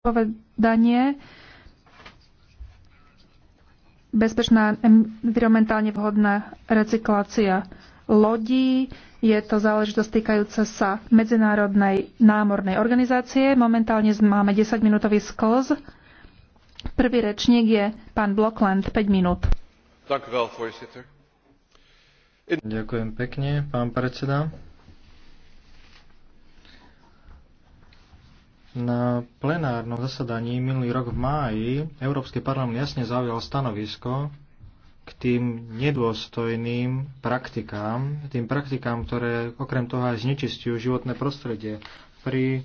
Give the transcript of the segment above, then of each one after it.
povedanie bezpečná environmentálne vhodná recyklácia lodí. Je to záležitosť týkajúca sa Medzinárodnej námornej organizácie. Momentálne máme 10-minútový sklz. Prvý rečník je pán Blockland. 5 minút. Ďakujem pekne, pán predseda. Na plenárnom zasadaní minulý rok v máji Európsky parlament jasne zaujal stanovisko k tým nedôstojným praktikám, tým praktikám, ktoré okrem toho aj znečistujú životné prostredie pri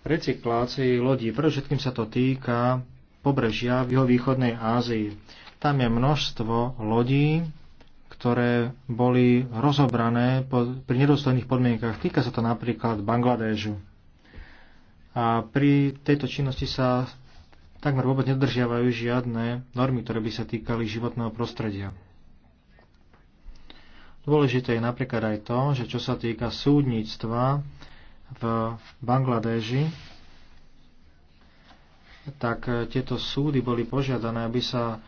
recyklácii lodí. Predovšetkým sa to týka pobrežia v jeho východnej Ázii. Tam je množstvo lodí, ktoré boli rozobrané pri nedôstojných podmienkach. Týka sa to napríklad Bangladežu. A pri tejto činnosti sa takmer vôbec nedržiavajú žiadne normy, ktoré by sa týkali životného prostredia. Dôležité je napríklad aj to, že čo sa týka súdnictva v Bangladeži, tak tieto súdy boli požiadané, aby sa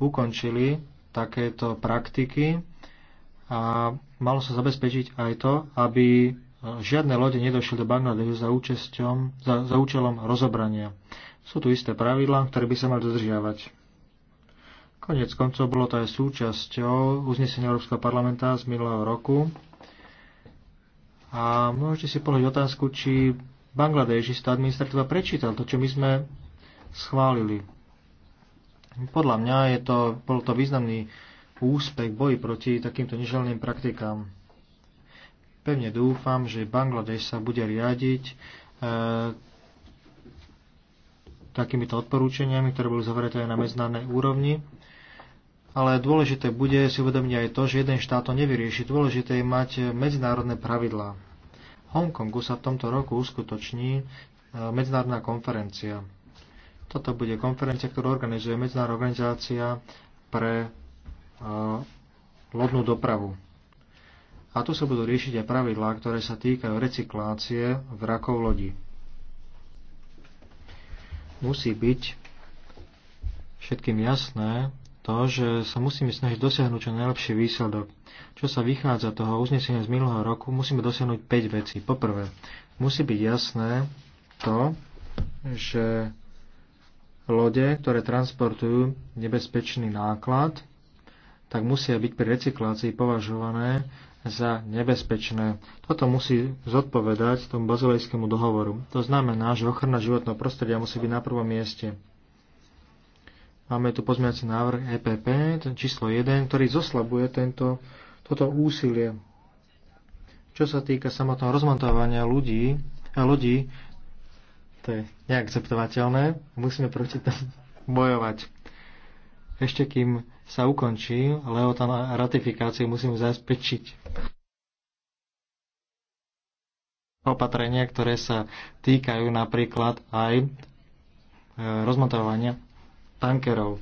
ukončili takéto praktiky a malo sa zabezpečiť aj to, aby žiadne lode nedošli do Bangladešu za, za, za účelom rozobrania. Sú tu isté pravidlá, ktoré by sa mali dodržiavať. Konec koncov bolo to aj súčasťou uznesenia Európskeho parlamenta z minulého roku. A môžete si položiť otázku, či bangladežista administratíva prečítal to, čo my sme schválili. Podľa mňa je to, bol to významný úspech boji proti takýmto neželným praktikám. Pevne dúfam, že Bangladeš sa bude riadiť e, takýmito odporúčaniami, ktoré boli zavreté na medzinárodnej úrovni. Ale dôležité bude si uvedomiť aj to, že jeden štát to nevyrieši. Dôležité je mať medzinárodné pravidlá. V Hongkongu sa v tomto roku uskutoční e, medzinárodná konferencia. Toto bude konferencia, ktorú organizuje Medzinárodná organizácia pre e, lodnú dopravu a tu sa budú riešiť aj pravidlá, ktoré sa týkajú recyklácie vrakov lodi. Musí byť všetkým jasné to, že sa musíme snažiť dosiahnuť čo najlepší výsledok. Čo sa vychádza toho uznesenia z minulého roku, musíme dosiahnuť 5 vecí. Poprvé, musí byť jasné to, že lode, ktoré transportujú nebezpečný náklad, tak musia byť pri recyklácii považované za nebezpečné. Toto musí zodpovedať tomu bazilejskému dohovoru. To znamená, že ochrana životného prostredia musí byť na prvom mieste. Máme tu pozmeňací návrh EPP, ten číslo 1, ktorý zoslabuje tento, toto úsilie. Čo sa týka samotného rozmontovania ľudí, a eh, ľudí, to je neakceptovateľné. Musíme proti tomu bojovať ešte kým sa ukončí lebo tam ratifikáciu, musím zabezpečiť opatrenia, ktoré sa týkajú napríklad aj e, rozmontovania tankerov.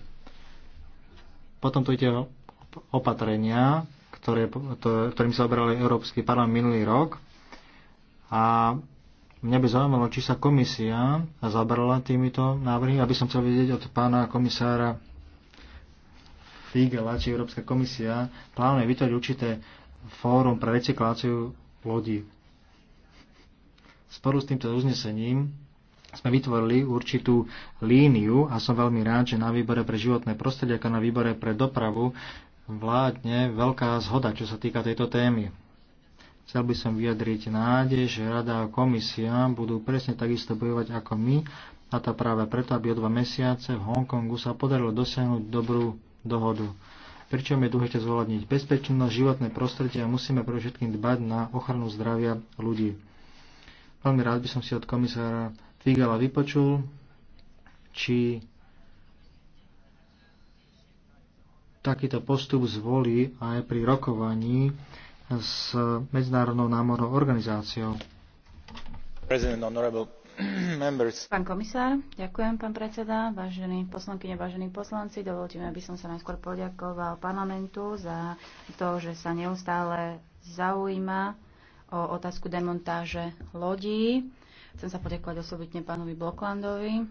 Potom tu ide opatrenia, ktoré, to, ktorým sa oberal Európsky parlament minulý rok. A mňa by zaujímalo, či sa komisia zabrala týmito návrhy, aby som chcel vedieť od pána komisára Fígela, či Európska komisia plánuje vytvoriť určité fórum pre recykláciu lodí. Sporu s týmto uznesením sme vytvorili určitú líniu a som veľmi rád, že na výbore pre životné prostredie ako na výbore pre dopravu vládne veľká zhoda, čo sa týka tejto témy. Chcel by som vyjadriť nádej, že Rada a komisia budú presne takisto bojovať ako my, a to práve preto, aby o dva mesiace v Hongkongu sa podarilo dosiahnuť dobrú dohodu. Pričom je dôležité zohľadniť bezpečnosť, životné prostredie a musíme pre všetkým dbať na ochranu zdravia ľudí. Veľmi rád by som si od komisára Figala vypočul, či takýto postup zvolí aj pri rokovaní s Medzinárodnou námornou organizáciou. President, honorable Pán komisár, ďakujem, pán predseda, vážení poslankyne, vážení poslanci. Dovolte mi, aby som sa najskôr poďakoval parlamentu za to, že sa neustále zaujíma o otázku demontáže lodí. Chcem sa poďakovať osobitne pánovi Bloklandovi.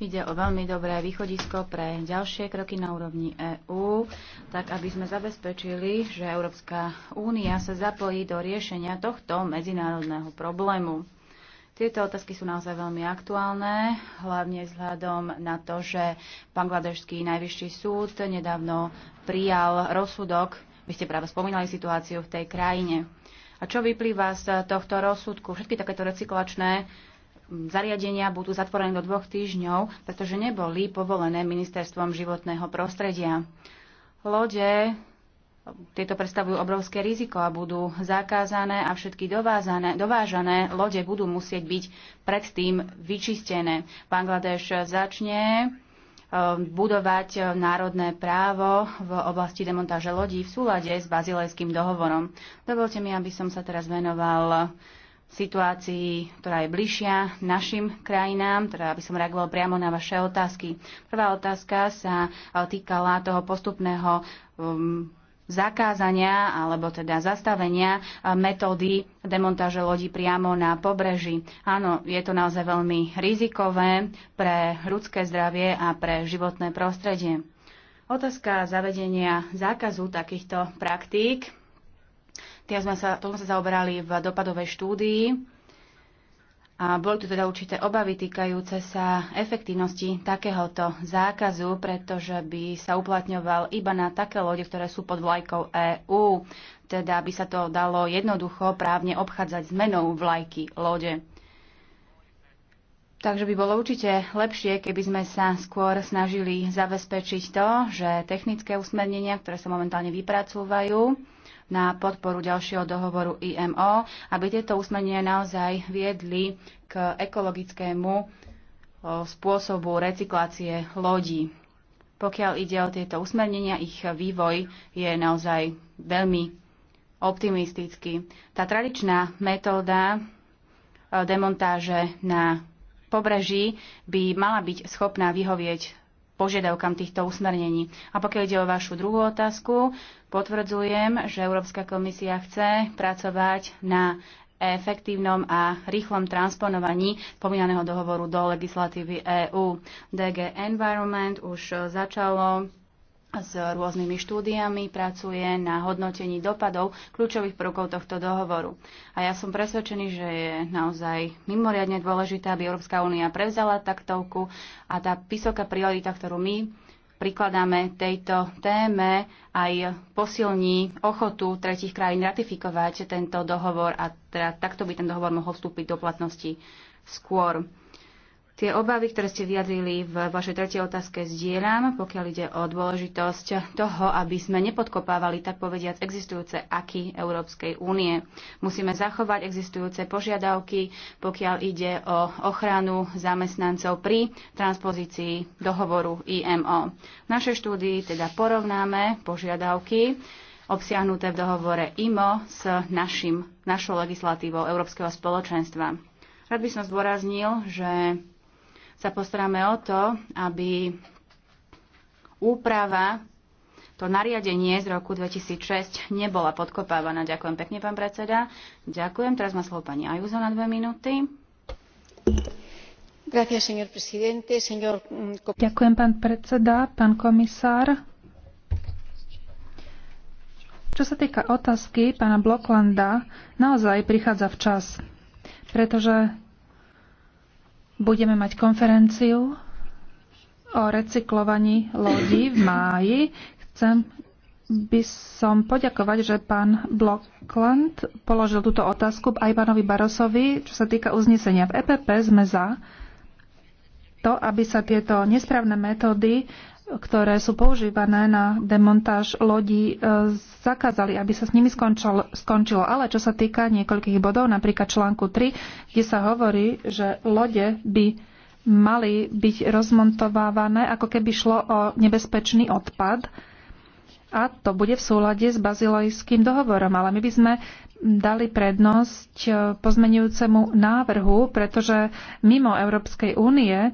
Ide o veľmi dobré východisko pre ďalšie kroky na úrovni EÚ, tak aby sme zabezpečili, že Európska únia sa zapojí do riešenia tohto medzinárodného problému. Tieto otázky sú naozaj veľmi aktuálne, hlavne vzhľadom na to, že Bangladešský najvyšší súd nedávno prijal rozsudok, vy ste práve spomínali situáciu v tej krajine. A čo vyplýva z tohto rozsudku? Všetky takéto recyklačné zariadenia budú zatvorené do dvoch týždňov, pretože neboli povolené ministerstvom životného prostredia. Lode tieto predstavujú obrovské riziko a budú zakázané a všetky dovázané, dovážané lode budú musieť byť predtým vyčistené. Bangladeš začne e, budovať národné právo v oblasti demontáže lodí v súlade s bazilejským dohovorom. Dovolte mi, aby som sa teraz venoval situácii, ktorá je bližšia našim krajinám, teda aby som reagoval priamo na vaše otázky. Prvá otázka sa týkala toho postupného um, zakázania alebo teda zastavenia eh, metódy demontáže lodí priamo na pobreží. Áno, je to naozaj veľmi rizikové pre ľudské zdravie a pre životné prostredie. Otázka zavedenia zákazu takýchto praktík. Tým sme sa, tomu sme sa zaoberali v dopadovej štúdii a boli tu teda určité obavy týkajúce sa efektívnosti takéhoto zákazu, pretože by sa uplatňoval iba na také lode, ktoré sú pod vlajkou EÚ. Teda by sa to dalo jednoducho právne obchádzať zmenou vlajky lode. Takže by bolo určite lepšie, keby sme sa skôr snažili zabezpečiť to, že technické usmernenia, ktoré sa momentálne vypracúvajú, na podporu ďalšieho dohovoru IMO, aby tieto usmernenia naozaj viedli k ekologickému spôsobu recyklácie lodí. Pokiaľ ide o tieto usmernenia, ich vývoj je naozaj veľmi optimistický. Tá tradičná metóda demontáže na pobreží by mala byť schopná vyhovieť požiadavkám týchto usmernení. A pokiaľ ide o vašu druhú otázku, potvrdzujem, že Európska komisia chce pracovať na efektívnom a rýchlom transponovaní spomínaného dohovoru do legislatívy EÚ. DG Environment už začalo s rôznymi štúdiami, pracuje na hodnotení dopadov kľúčových prvkov tohto dohovoru. A ja som presvedčený, že je naozaj mimoriadne dôležité, aby Európska únia prevzala taktovku a tá vysoká priorita, ktorú my prikladáme tejto téme, aj posilní ochotu tretich krajín ratifikovať tento dohovor a teda takto by ten dohovor mohol vstúpiť do platnosti skôr. Tie obavy, ktoré ste vyjadrili v vašej tretej otázke, zdieľam, pokiaľ ide o dôležitosť toho, aby sme nepodkopávali, tak povediac, existujúce aky Európskej únie. Musíme zachovať existujúce požiadavky, pokiaľ ide o ochranu zamestnancov pri transpozícii dohovoru IMO. V našej štúdii teda porovnáme požiadavky obsiahnuté v dohovore IMO s našim, našou legislatívou Európskeho spoločenstva. Rád by som zdôraznil, že sa postaráme o to, aby úprava, to nariadenie z roku 2006 nebola podkopávaná. Ďakujem pekne, pán predseda. Ďakujem. Teraz má slovo pani Ajúza na dve minúty. Mm, Ďakujem, pán predseda, pán komisár. Čo sa týka otázky pána Bloklanda naozaj prichádza včas, pretože Budeme mať konferenciu o recyklovaní lodí v máji. Chcem by som poďakovať, že pán Blokland položil túto otázku aj pánovi Barosovi, čo sa týka uznesenia. V EPP sme za to, aby sa tieto nesprávne metódy ktoré sú používané na demontáž lodí, e, zakázali, aby sa s nimi skončil, skončilo. Ale čo sa týka niekoľkých bodov, napríklad článku 3, kde sa hovorí, že lode by mali byť rozmontovávané, ako keby šlo o nebezpečný odpad. A to bude v súlade s bazilojským dohovorom. Ale my by sme dali prednosť e, pozmenujúcemu návrhu, pretože mimo Európskej únie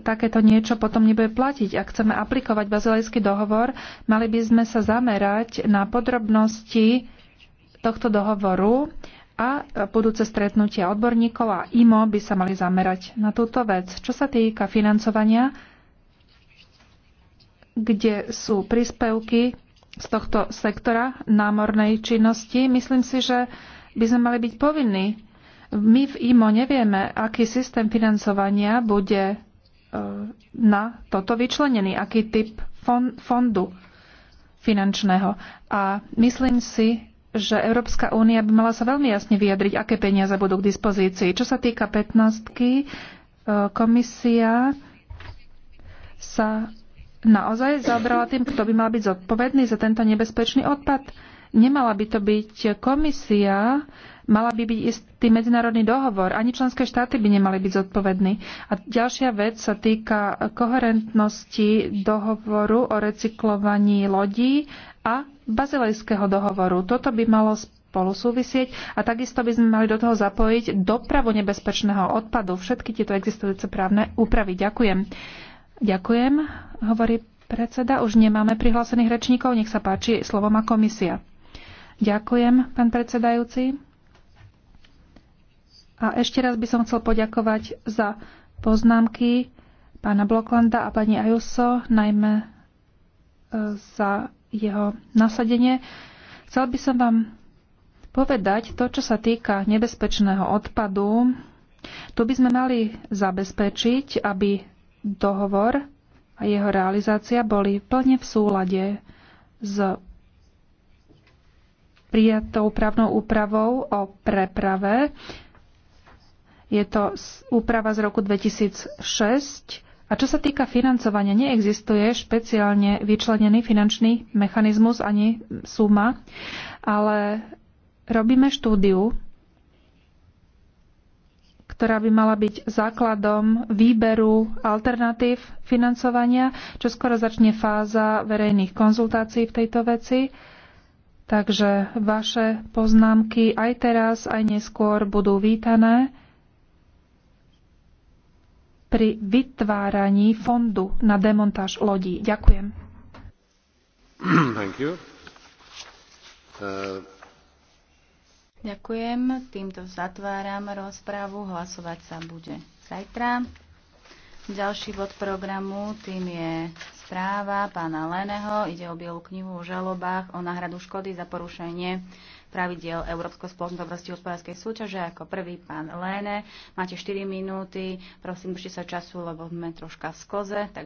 takéto niečo potom nebude platiť. Ak chceme aplikovať bazilejský dohovor, mali by sme sa zamerať na podrobnosti tohto dohovoru a budúce stretnutia odborníkov a IMO by sa mali zamerať na túto vec. Čo sa týka financovania, kde sú príspevky z tohto sektora námornej činnosti, myslím si, že by sme mali byť povinní. My v IMO nevieme, aký systém financovania bude E, na toto vyčlenený, aký typ fondu finančného. A myslím si, že Európska únia by mala sa veľmi jasne vyjadriť, aké peniaze budú k dispozícii. Čo sa týka 15 e, komisia sa naozaj zaobrala tým, kto by mal byť zodpovedný za tento nebezpečný odpad. Nemala by to byť komisia, mala by byť istý medzinárodný dohovor. Ani členské štáty by nemali byť zodpovední. A ďalšia vec sa týka koherentnosti dohovoru o recyklovaní lodí a bazilejského dohovoru. Toto by malo spolu súvisieť a takisto by sme mali do toho zapojiť dopravu nebezpečného odpadu. Všetky tieto existujúce právne úpravy. Ďakujem. Ďakujem, hovorí predseda. Už nemáme prihlásených rečníkov. Nech sa páči, slovo má komisia. Ďakujem, pán predsedajúci. A ešte raz by som chcel poďakovať za poznámky pána Bloklanda a pani Ajuso, najmä e, za jeho nasadenie. Chcel by som vám povedať to, čo sa týka nebezpečného odpadu. Tu by sme mali zabezpečiť, aby dohovor a jeho realizácia boli plne v súlade s prijatou právnou úpravou o preprave je to úprava z roku 2006. A čo sa týka financovania, neexistuje špeciálne vyčlenený finančný mechanizmus ani suma, ale robíme štúdiu, ktorá by mala byť základom výberu alternatív financovania, čo skoro začne fáza verejných konzultácií v tejto veci. Takže vaše poznámky aj teraz, aj neskôr budú vítané pri vytváraní fondu na demontáž lodí. Ďakujem. Thank you. Uh... Ďakujem. Týmto zatváram rozprávu. Hlasovať sa bude zajtra. Ďalší bod programu tým je správa pána Leného. Ide o bielu knihu o žalobách o náhradu škody za porušenie pravidiel Európskej spoločnosti hospodárskej súťaže. Ako prvý pán Léne, máte 4 minúty. Prosím, držte sa času, lebo sme troška v skoze. Tak